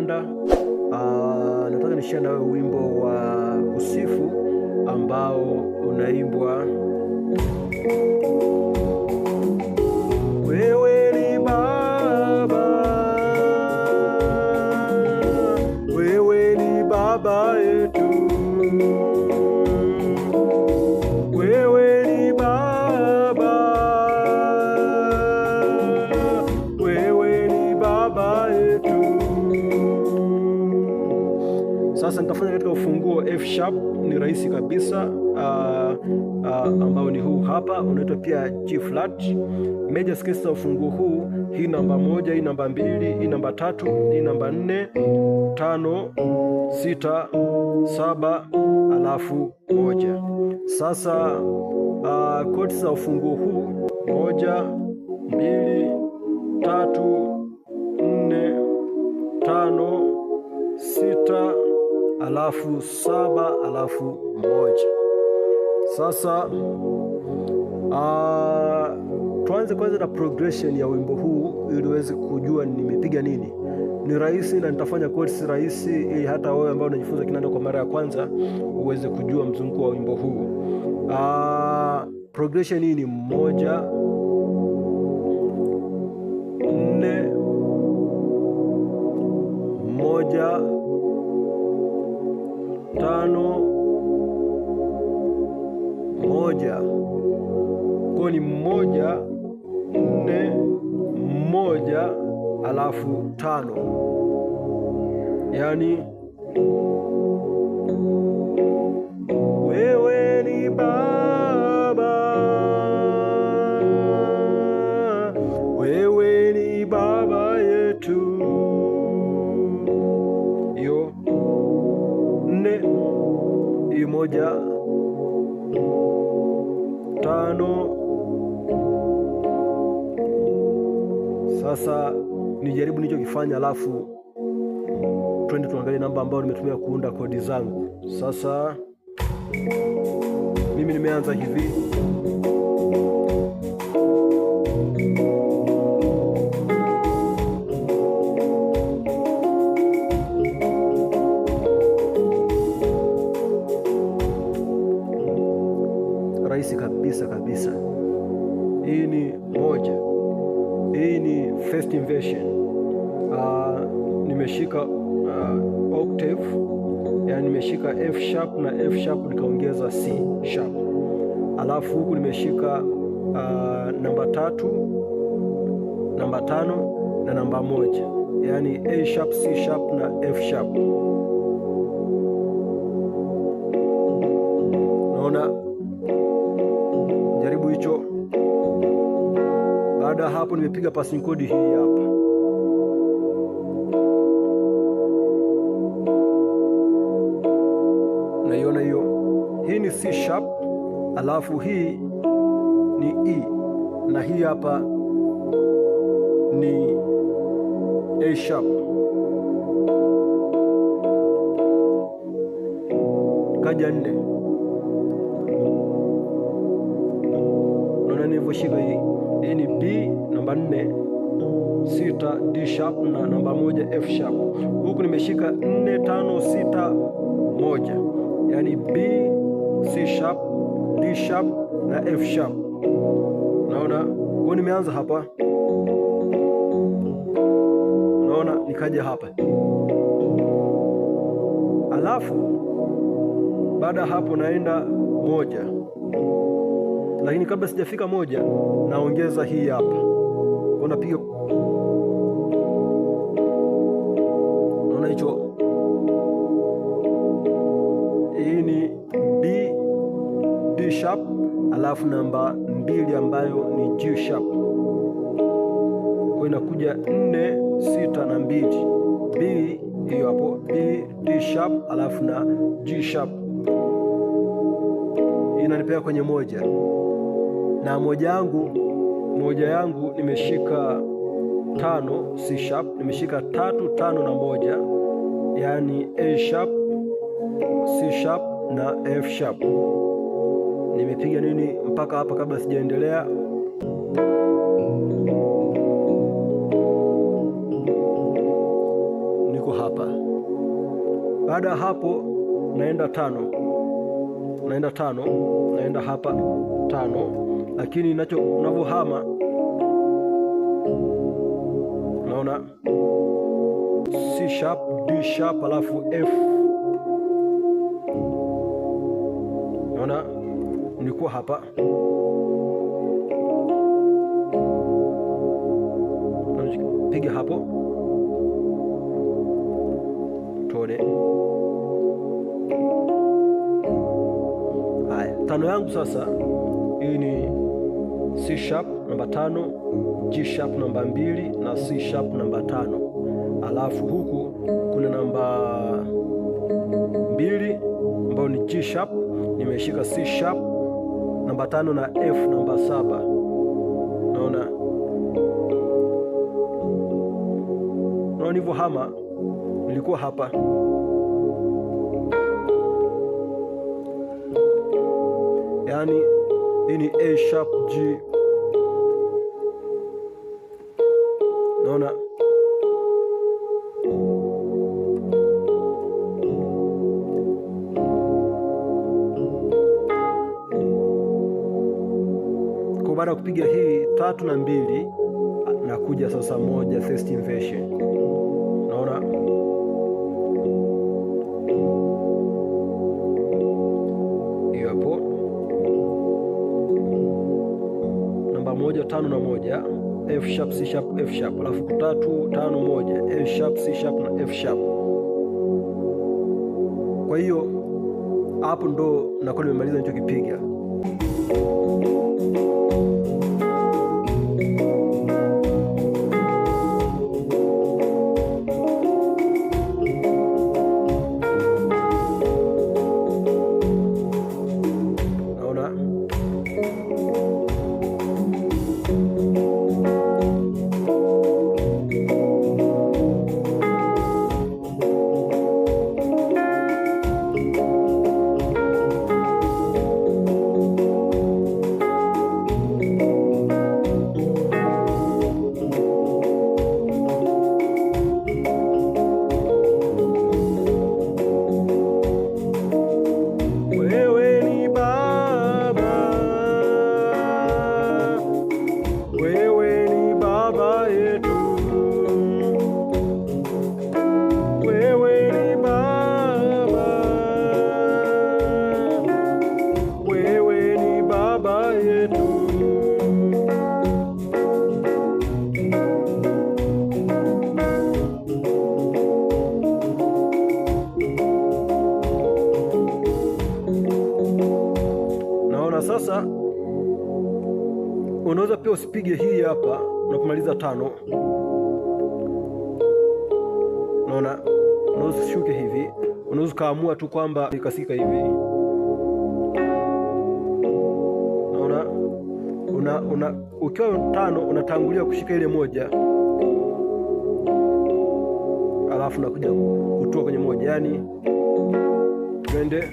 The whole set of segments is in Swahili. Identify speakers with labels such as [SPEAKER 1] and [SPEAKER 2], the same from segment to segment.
[SPEAKER 1] Uganda. Uh, nataka nishare nawe wimbo wa Kusifu ambao unaimbwa Sasa nitafanya katika ufunguo F sharp, ni rahisi kabisa uh, uh, ambao ni huu hapa, unaitwa pia G flat. Major scales za ufunguo huu, hii namba moja, hii namba mbili, hii namba tatu, hii namba nne, tano, sita, saba, alafu moja. Sasa uh, ah, koti za ufunguo huu moja, mbili, tatu, nne, tano, sita alafu saba alafu moja. Sasa uh, tuanze kwanza na progression ya wimbo huu ili uweze kujua nimepiga nini. Ni rahisi na nitafanya chords rahisi ili hata wewe ambao unajifunza kinanda kwa mara ya kwanza uweze kujua mzunguko wa wimbo huu. Uh, progression hii ni moja tano moja kwa ni mmoja nne mmoja alafu tano, yaani wewe Sasa nijaribu kifanya, alafu twende tuangalie namba ambayo nimetumia kuunda kodi zangu. Sasa mimi nimeanza hivi. nimeshika F sharp na F sharp nikaongeza C sharp, alafu huku nimeshika uh, namba tatu, namba tano na namba moja, yaani A sharp, C sharp na F sharp. Naona jaribu hicho. Baada ya hapo nimepiga passing chord hii hapa ni C sharp, alafu hii ni E na hii hapa ni A sharp. Kaja nne, naona nilivyoshika hii. Hii ni B namba nne sita D sharp na namba moja F sharp, huku nimeshika nne tano sita moja, yaani B C sharp, D sharp na F sharp. Naona kwa nimeanza hapa, naona nikaja hapa, alafu baada ya hapo naenda moja, lakini kabla sijafika moja naongeza hii hapa, napiga sharp, alafu namba mbili ambayo ni G sharp, kwa inakuja nne sita na mbili B hiyo hapo B, D sharp alafu na G sharp inanipea kwenye moja na moja yangu moja yangu nimeshika tano C sharp, nimeshika tatu tano na moja, yaani A sharp C sharp na F sharp nimepiga nini mpaka hapa, kabla sijaendelea niko hapa. Baada ya hapo naenda tano, naenda tano, naenda hapa tano, lakini nacho unavyohama naona C sharp, D sharp alafu F kuwa hapa piga hapo, tone. Haya, tano yangu sasa, hii ni C sharp namba tano, G sharp namba mbili na C sharp namba tano. Alafu huku kuna namba mbili ambayo ni G sharp, nimeshika C sharp namba tano na F namba saba. Naona naona hivyo, hama nilikuwa hapa yaani hii ni A sharp G naona baada ya kupiga hii tatu na mbili, nakuja sasa moja first inversion. Naona hiyo hapo, namba moja tano na moja F sharp C sharp F sharp, alafu tatu tano moja F sharp C sharp na F sharp. Kwa hiyo hapo ndo nakuwa nimemaliza nilichokipiga. Naona sasa unaweza pia usipige hii hapa na kumaliza tano. Naona unaweza shuke hivi, unaweza ukaamua tu kwamba ikasika hivi. una, una, ukiwa tano unatangulia kushika ile moja alafu nakuja kutoa kwenye moja, yani twende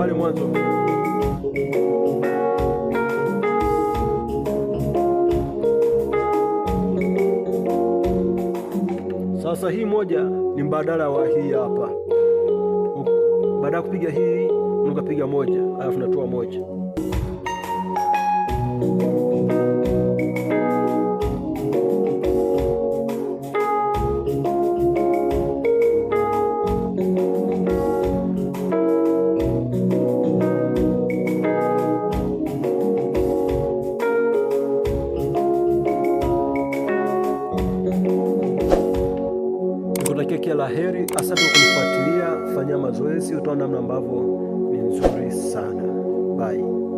[SPEAKER 1] pale mwanzo. Sasa hii moja ni mbadala wa hii hapa. Baada ya kupiga hii, unakapiga moja, alafu natoa moja. heri. Asante kwa kunifuatilia, fanya mazoezi, utaona namna ambavyo ni nzuri sana. Bye.